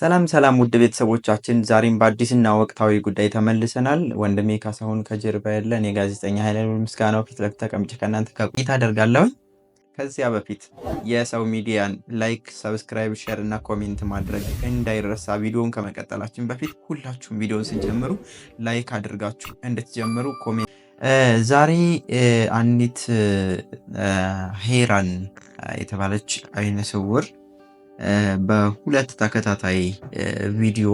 ሰላም ሰላም ውድ ቤተሰቦቻችን ዛሬም በአዲስና ወቅታዊ ጉዳይ ተመልሰናል። ወንድሜ ካሳሁን ከጀርባ ያለ እኔ ጋዜጠኛ ኃይለሚን ምስጋናው ፊት ለፊት ተቀምጬ ከእናንተ ቆይታ አደርጋለሁ። ከዚያ በፊት የሰው ሚዲያን ላይክ፣ ሰብስክራይብ፣ ሼር እና ኮሜንት ማድረግ እንዳይረሳ። ቪዲዮን ከመቀጠላችን በፊት ሁላችሁም ቪዲዮን ስንጀምሩ ላይክ አድርጋችሁ እንድትጀምሩ ኮሜንት ዛሬ አንዲት ሄራን የተባለች አይነ ስውር በሁለት ተከታታይ ቪዲዮ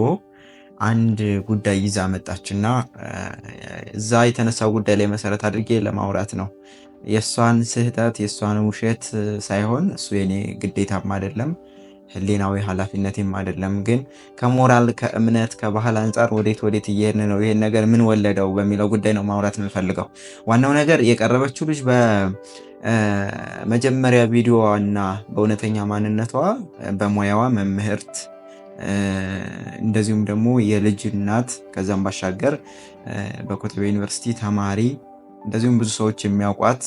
አንድ ጉዳይ ይዛ መጣችና እዛ የተነሳው ጉዳይ ላይ መሰረት አድርጌ ለማውራት ነው። የእሷን ስህተት የእሷን ውሸት ሳይሆን እሱ የኔ ግዴታም አይደለም ህሊናዊ ኃላፊነትም አይደለም። ግን ከሞራል ከእምነት ከባህል አንጻር ወዴት ወዴት እየሄድን ነው? ይሄን ነገር ምን ወለደው በሚለው ጉዳይ ነው ማውራት የምፈልገው። ዋናው ነገር የቀረበችው ልጅ በመጀመሪያ ቪዲዮዋ እና በእውነተኛ ማንነቷ በሙያዋ መምህርት እንደዚሁም ደግሞ የልጅ እናት ከዛም ባሻገር በኮተቤ ዩኒቨርሲቲ ተማሪ እንደዚሁም ብዙ ሰዎች የሚያውቋት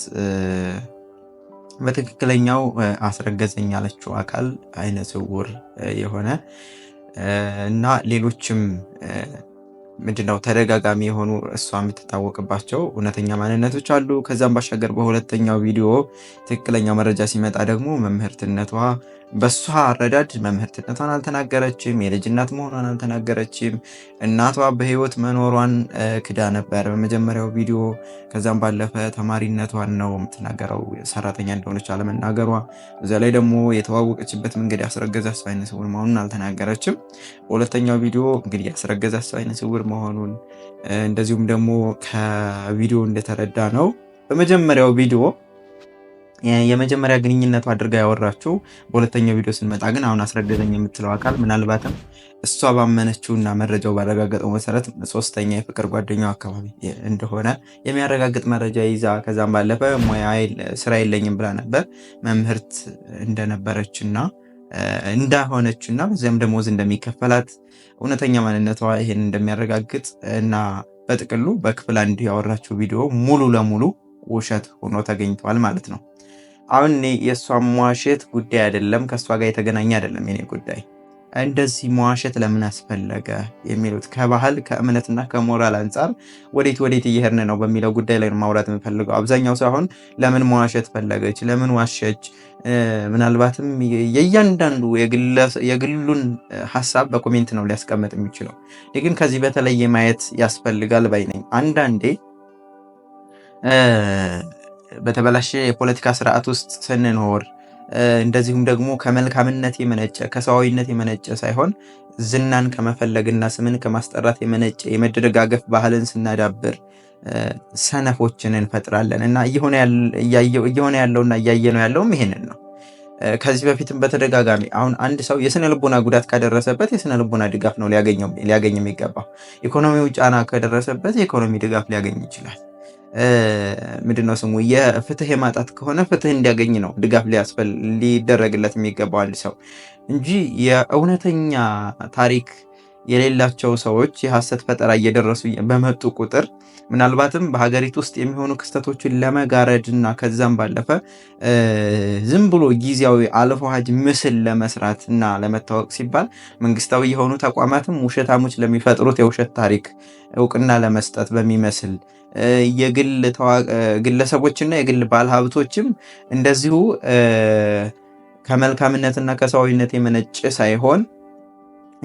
በትክክለኛው አስረገዘኝ ያለችው አካል አይነ ስውር የሆነ እና ሌሎችም ምንድነው ተደጋጋሚ የሆኑ እሷ የምትታወቅባቸው እውነተኛ ማንነቶች አሉ። ከዛም ባሻገር በሁለተኛው ቪዲዮ ትክክለኛ መረጃ ሲመጣ ደግሞ መምህርትነቷ በእሷ አረዳድ መምህርትነቷን አልተናገረችም። የልጅ እናት መሆኗን አልተናገረችም። እናቷ በሕይወት መኖሯን ክዳ ነበር በመጀመሪያው ቪዲዮ። ከዛም ባለፈ ተማሪነቷን ነው የምትናገረው፣ ሰራተኛ እንደሆነች አለመናገሯ። እዚያ ላይ ደግሞ የተዋወቀችበት መንገድ ያስረገዘ ሰው አይነ ስውር መሆኑን አልተናገረችም። በሁለተኛው ቪዲዮ እንግዲህ ያስረገዛት ሰው አይነ ስውር መሆኑን እንደዚሁም ደግሞ ከቪዲዮ እንደተረዳ ነው በመጀመሪያው ቪዲዮ የመጀመሪያ ግንኙነቱ አድርጋ ያወራችው በሁለተኛው ቪዲዮ ስንመጣ ግን አሁን አስረገዘኝ የምትለው አካል ምናልባትም እሷ ባመነችውና መረጃው ባረጋገጠው መሰረት ሶስተኛ የፍቅር ጓደኛው አካባቢ እንደሆነ የሚያረጋግጥ መረጃ ይዛ ከዛም ባለፈ ሙያ ስራ የለኝም ብላ ነበር መምህርት እንደነበረችና እንዳሆነች እና በዚያም ደሞዝ እንደሚከፈላት እውነተኛ ማንነቷ ይሄን እንደሚያረጋግጥ እና በጥቅሉ በክፍል አንድ ያወራችው ቪዲዮ ሙሉ ለሙሉ ውሸት ሆኖ ተገኝተዋል ማለት ነው። አሁን የእሷ ሟሸት ጉዳይ አይደለም፣ ከእሷ ጋር የተገናኘ አይደለም የኔ ጉዳይ እንደዚህ መዋሸት ለምን አስፈለገ የሚሉት ከባህል ከእምነትና ከሞራል አንጻር ወዴት ወዴት እየሄድን ነው በሚለው ጉዳይ ላይ ማውራት የምፈልገው። አብዛኛው ሳይሆን ለምን መዋሸት ፈለገች፣ ለምን ዋሸች፣ ምናልባትም የእያንዳንዱ የግሉን ሀሳብ በኮሜንት ነው ሊያስቀምጥ የሚችለው። ግን ከዚህ በተለየ ማየት ያስፈልጋል ባይ ነኝ። አንዳንዴ በተበላሸ የፖለቲካ ስርዓት ውስጥ ስንኖር እንደዚሁም ደግሞ ከመልካምነት የመነጨ ከሰዋዊነት የመነጨ ሳይሆን ዝናን ከመፈለግና ስምን ከማስጠራት የመነጨ የመደደጋገፍ ባህልን ስናዳብር ሰነፎችን እንፈጥራለን እና እየሆነ ያለውና እያየነው ያለውም ይሄንን ነው። ከዚህ በፊትም በተደጋጋሚ አሁን አንድ ሰው የስነ ልቦና ጉዳት ካደረሰበት የስነ ልቦና ድጋፍ ነው ሊያገኝ የሚገባው። ኢኮኖሚው ጫና ከደረሰበት የኢኮኖሚ ድጋፍ ሊያገኝ ይችላል። ምንድነው ስሙ የፍትህ የማጣት ከሆነ ፍትህ እንዲያገኝ ነው ድጋፍ ሊያስፈል ሊደረግለት የሚገባዋል ሰው እንጂ የእውነተኛ ታሪክ የሌላቸው ሰዎች የሐሰት ፈጠራ እየደረሱ በመጡ ቁጥር ምናልባትም በሀገሪቱ ውስጥ የሚሆኑ ክስተቶችን ለመጋረድ እና ከዛም ባለፈ ዝም ብሎ ጊዜያዊ አልፎሃጅ ምስል ለመስራት እና ለመታወቅ ሲባል መንግስታዊ የሆኑ ተቋማትም ውሸታሞች ለሚፈጥሩት የውሸት ታሪክ እውቅና ለመስጠት በሚመስል የግል ግለሰቦችና የግል ባለሀብቶችም እንደዚሁ ከመልካምነትና ከሰዋዊነት የመነጭ ሳይሆን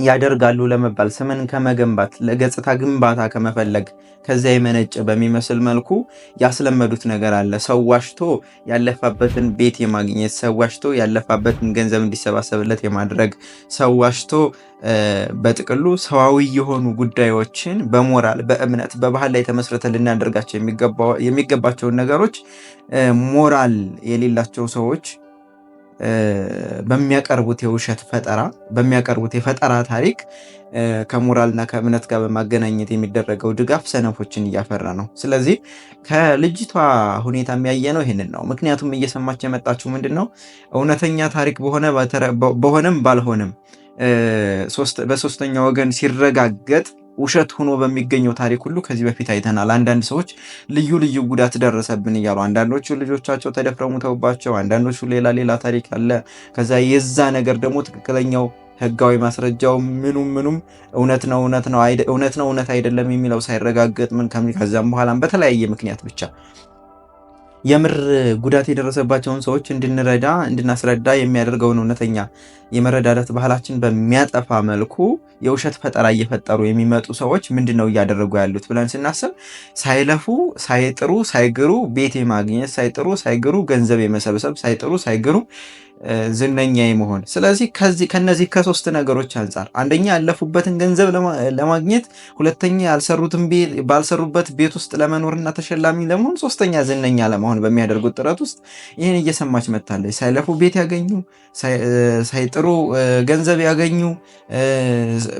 ያደርጋሉ ለመባል ስምን ከመገንባት ለገጽታ ግንባታ ከመፈለግ ከዚያ የመነጨ በሚመስል መልኩ ያስለመዱት ነገር አለ። ሰው ዋሽቶ ያለፋበትን ቤት የማግኘት ሰው ዋሽቶ ያለፋበትን ገንዘብ እንዲሰባሰብለት የማድረግ ሰው ዋሽቶ በጥቅሉ ሰዋዊ የሆኑ ጉዳዮችን በሞራል በእምነት፣ በባህል ላይ ተመስረተ ልናደርጋቸው የሚገባቸውን ነገሮች ሞራል የሌላቸው ሰዎች በሚያቀርቡት የውሸት ፈጠራ በሚያቀርቡት የፈጠራ ታሪክ ከሞራልና ከእምነት ጋር በማገናኘት የሚደረገው ድጋፍ ሰነፎችን እያፈራ ነው። ስለዚህ ከልጅቷ ሁኔታ የሚያየ ነው ይህንን ነው። ምክንያቱም እየሰማች የመጣችው ምንድን ነው እውነተኛ ታሪክ በሆነ በሆነም ባልሆነም በሶስተኛ ወገን ሲረጋገጥ ውሸት ሆኖ በሚገኘው ታሪክ ሁሉ ከዚህ በፊት አይተናል። አንዳንድ ሰዎች ልዩ ልዩ ጉዳት ደረሰብን እያሉ አንዳንዶቹ ልጆቻቸው ተደፍረው ሙተውባቸው፣ አንዳንዶቹ ሌላ ሌላ ታሪክ አለ። ከዛ የዛ ነገር ደግሞ ትክክለኛው ህጋዊ ማስረጃው ምኑም ምኑም እውነት ነው እውነት ነው እውነት አይደለም የሚለው ሳይረጋገጥ ምን ከዛም በኋላም በተለያየ ምክንያት ብቻ የምር ጉዳት የደረሰባቸውን ሰዎች እንድንረዳ እንድናስረዳ የሚያደርገውን እውነተኛ የመረዳዳት ባህላችን በሚያጠፋ መልኩ የውሸት ፈጠራ እየፈጠሩ የሚመጡ ሰዎች ምንድን ነው እያደረጉ ያሉት ብለን ስናስብ ሳይለፉ ሳይጥሩ ሳይግሩ ቤት የማግኘት ሳይጥሩ ሳይግሩ ገንዘብ የመሰብሰብ ሳይጥሩ ሳይግሩ ዝነኛ የመሆን ስለዚህ ከዚህ ከነዚህ ከሶስት ነገሮች አንጻር አንደኛ ያለፉበትን ገንዘብ ለማግኘት ሁለተኛ ያልሰሩትን ባልሰሩበት ቤት ውስጥ ለመኖርና ተሸላሚ ለመሆን ሶስተኛ ዝነኛ ለመሆን በሚያደርጉት ጥረት ውስጥ ይህን እየሰማች መታለች ሳይለፉ ቤት ያገኙ ሳይጥሩ ገንዘብ ያገኙ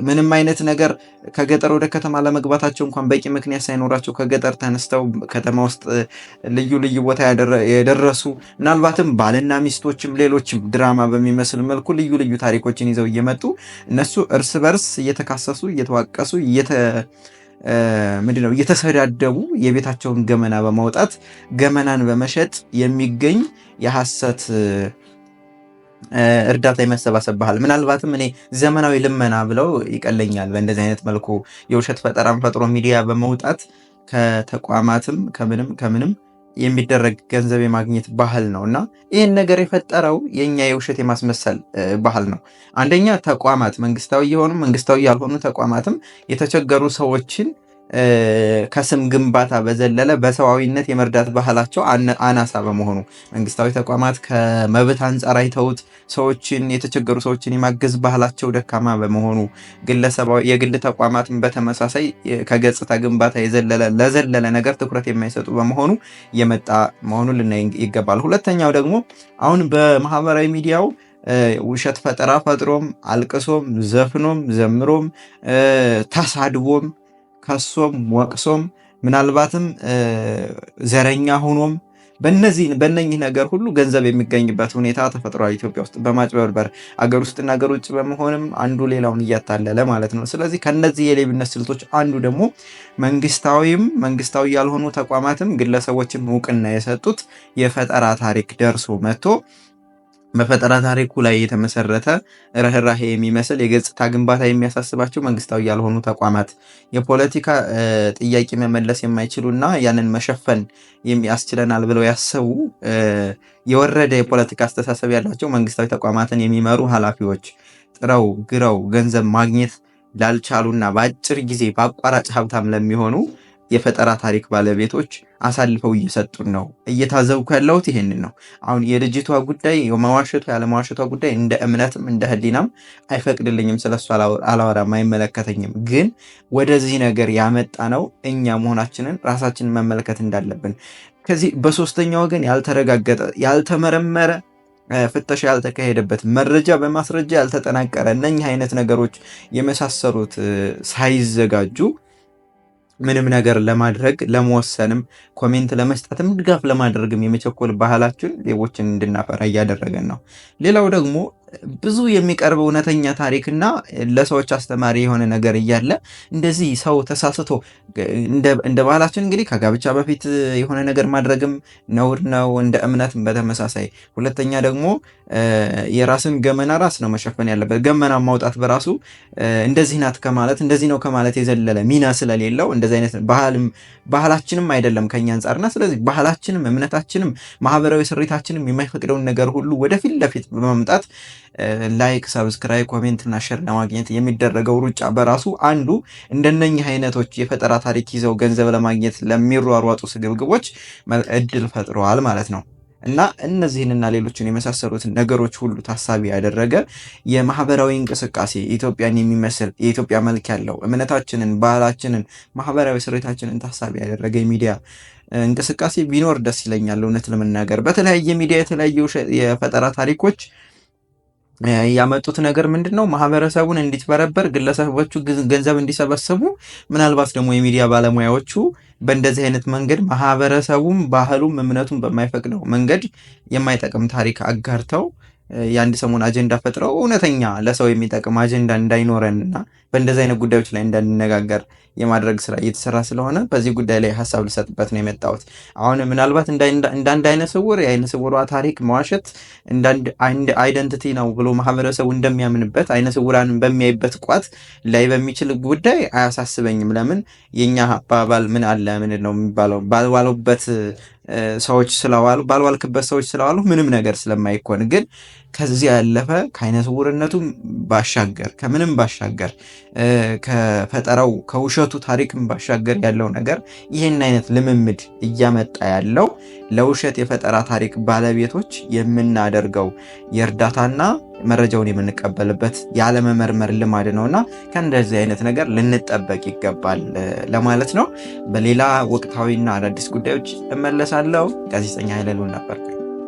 ምንም አይነት ነገር ከገጠር ወደ ከተማ ለመግባታቸው እንኳን በቂ ምክንያት ሳይኖራቸው ከገጠር ተነስተው ከተማ ውስጥ ልዩ ልዩ ቦታ የደረሱ ምናልባትም ባልና ሚስቶችም ሌሎች ታሪኮችን ድራማ በሚመስል መልኩ ልዩ ልዩ ታሪኮችን ይዘው እየመጡ እነሱ እርስ በርስ እየተካሰሱ እየተዋቀሱ ምንድነው እየተሰዳደቡ የቤታቸውን ገመና በማውጣት ገመናን በመሸጥ የሚገኝ የሐሰት እርዳታ የመሰባሰብ ባህል ምናልባትም እኔ ዘመናዊ ልመና ብለው ይቀለኛል። በእንደዚህ አይነት መልኩ የውሸት ፈጠራን ፈጥሮ ሚዲያ በመውጣት ከተቋማትም ከምንም ከምንም የሚደረግ ገንዘብ የማግኘት ባህል ነው እና ይህን ነገር የፈጠረው የእኛ የውሸት የማስመሰል ባህል ነው። አንደኛ ተቋማት መንግስታዊ የሆኑ መንግስታዊ ያልሆኑ ተቋማትም የተቸገሩ ሰዎችን ከስም ግንባታ በዘለለ በሰብአዊነት የመርዳት ባህላቸው አናሳ በመሆኑ መንግስታዊ ተቋማት ከመብት አንጻር አይተውት ሰዎችን የተቸገሩ ሰዎችን የማገዝ ባህላቸው ደካማ በመሆኑ የግል ተቋማትን በተመሳሳይ ከገጽታ ግንባታ የዘለለ ለዘለለ ነገር ትኩረት የማይሰጡ በመሆኑ የመጣ መሆኑን ልናይ ይገባል። ሁለተኛው ደግሞ አሁን በማህበራዊ ሚዲያው ውሸት ፈጠራ ፈጥሮም አልቅሶም ዘፍኖም ዘምሮም ተሳድቦም። ከሶም ወቅሶም ምናልባትም ዘረኛ ሆኖም በነዚህ ነገር ሁሉ ገንዘብ የሚገኝበት ሁኔታ ተፈጥሯል። ኢትዮጵያ ውስጥ በማጭበርበር አገር ውስጥና አገር ውጭ በመሆንም አንዱ ሌላውን እያታለለ ማለት ነው። ስለዚህ ከነዚህ የሌብነት ስልቶች አንዱ ደግሞ መንግስታዊም መንግስታዊ ያልሆኑ ተቋማትም ግለሰቦችም እውቅና የሰጡት የፈጠራ ታሪክ ደርሶ መጥቶ በፈጠራ ታሪኩ ላይ የተመሰረተ ርኅራሄ የሚመስል የገጽታ ግንባታ የሚያሳስባቸው መንግስታዊ ያልሆኑ ተቋማት የፖለቲካ ጥያቄ መመለስ የማይችሉ እና ያንን መሸፈን ያስችለናል ብለው ያሰቡ የወረደ የፖለቲካ አስተሳሰብ ያላቸው መንግስታዊ ተቋማትን የሚመሩ ኃላፊዎች ጥረው ግረው ገንዘብ ማግኘት ላልቻሉና በአጭር ጊዜ በአቋራጭ ሀብታም ለሚሆኑ የፈጠራ ታሪክ ባለቤቶች አሳልፈው እየሰጡን ነው። እየታዘብኩ ያለሁት ይህን ነው። አሁን የልጅቷ ጉዳይ የመዋሸቷ ያለመዋሸቷ ጉዳይ እንደ እምነትም እንደ ሕሊናም አይፈቅድልኝም፣ ስለሱ አላወራም፣ አይመለከተኝም። ግን ወደዚህ ነገር ያመጣ ነው እኛ መሆናችንን ራሳችንን መመልከት እንዳለብን ከዚህ በሶስተኛ ወገን ያልተረጋገጠ ያልተመረመረ ፍተሻ ያልተካሄደበት መረጃ በማስረጃ ያልተጠናቀረ እነኚህ አይነት ነገሮች የመሳሰሉት ሳይዘጋጁ ምንም ነገር ለማድረግ ለመወሰንም ኮሜንት ለመስጠትም ድጋፍ ለማድረግም የመቸኮል ባህላችን ሌቦችን እንድናፈራ እያደረገን ነው። ሌላው ደግሞ ብዙ የሚቀርብ እውነተኛ ታሪክና ለሰዎች አስተማሪ የሆነ ነገር እያለ እንደዚህ ሰው ተሳስቶ እንደ ባህላችን እንግዲህ ከጋብቻ በፊት የሆነ ነገር ማድረግም ነውር ነው፣ እንደ እምነት በተመሳሳይ። ሁለተኛ ደግሞ የራስን ገመና ራስ ነው መሸፈን ያለበት። ገመና ማውጣት በራሱ እንደዚህ ናት ከማለት እንደዚህ ነው ከማለት የዘለለ ሚና ስለሌለው እንደዚህ አይነት ባህልም ባህላችንም አይደለም ከኛ አንጻርና፣ ስለዚህ ባህላችንም እምነታችንም ማህበራዊ ስሪታችንም የማይፈቅደውን ነገር ሁሉ ወደፊት ለፊት በማምጣት ላይክ፣ ሰብስክራይብ፣ ኮሜንት እና ሸር ለማግኘት የሚደረገው ሩጫ በራሱ አንዱ እንደነኚህ አይነቶች የፈጠራ ታሪክ ይዘው ገንዘብ ለማግኘት ለሚሯሯጡ ስግብግቦች እድል ፈጥረዋል ማለት ነው። እና እነዚህንና ሌሎችን የመሳሰሉትን ነገሮች ሁሉ ታሳቢ ያደረገ የማህበራዊ እንቅስቃሴ ኢትዮጵያን የሚመስል የኢትዮጵያ መልክ ያለው እምነታችንን፣ ባህላችንን፣ ማህበራዊ ስሬታችንን ታሳቢ ያደረገ የሚዲያ እንቅስቃሴ ቢኖር ደስ ይለኛል። እውነት ለመናገር በተለያየ ሚዲያ የተለያዩ የፈጠራ ታሪኮች ያመጡት ነገር ምንድን ነው? ማህበረሰቡን እንዲትበረበር ግለሰቦቹ ገንዘብ እንዲሰበስቡ፣ ምናልባት ደግሞ የሚዲያ ባለሙያዎቹ በእንደዚህ አይነት መንገድ ማህበረሰቡም ባህሉም እምነቱን በማይፈቅደው መንገድ የማይጠቅም ታሪክ አጋርተው የአንድ ሰሞን አጀንዳ ፈጥረው እውነተኛ ለሰው የሚጠቅም አጀንዳ እንዳይኖረን እና በእንደዚህ አይነት ጉዳዮች ላይ እንዳንነጋገር የማድረግ ስራ እየተሰራ ስለሆነ በዚህ ጉዳይ ላይ ሀሳብ ልሰጥበት ነው የመጣሁት። አሁን ምናልባት እንዳንድ አይነ ስውር የአይነ ስውሯ ታሪክ መዋሸት እንዳንድ አይደንቲቲ ነው ብሎ ማህበረሰቡ እንደሚያምንበት አይነ ስውራን በሚያይበት ቋት ላይ በሚችል ጉዳይ አያሳስበኝም። ለምን የኛ አባባል ምን አለ ምን ነው የሚባለው ባሉበት ሰዎች ስለዋሉ ባልዋልክበት ሰዎች ስለዋሉ ምንም ነገር ስለማይኮን ግን ከዚህ ያለፈ ከአይነ ስውርነቱ ባሻገር ከምንም ባሻገር ከፈጠራው ከውሸቱ ታሪክም ባሻገር ያለው ነገር ይህን አይነት ልምምድ እያመጣ ያለው ለውሸት የፈጠራ ታሪክ ባለቤቶች የምናደርገው የእርዳታና መረጃውን የምንቀበልበት ያለመመርመር ልማድ ነው እና ከእንደዚህ አይነት ነገር ልንጠበቅ ይገባል ለማለት ነው። በሌላ ወቅታዊና አዳዲስ ጉዳዮች እመለሳለሁ። ጋዜጠኛ ኃይለሉን ነበር።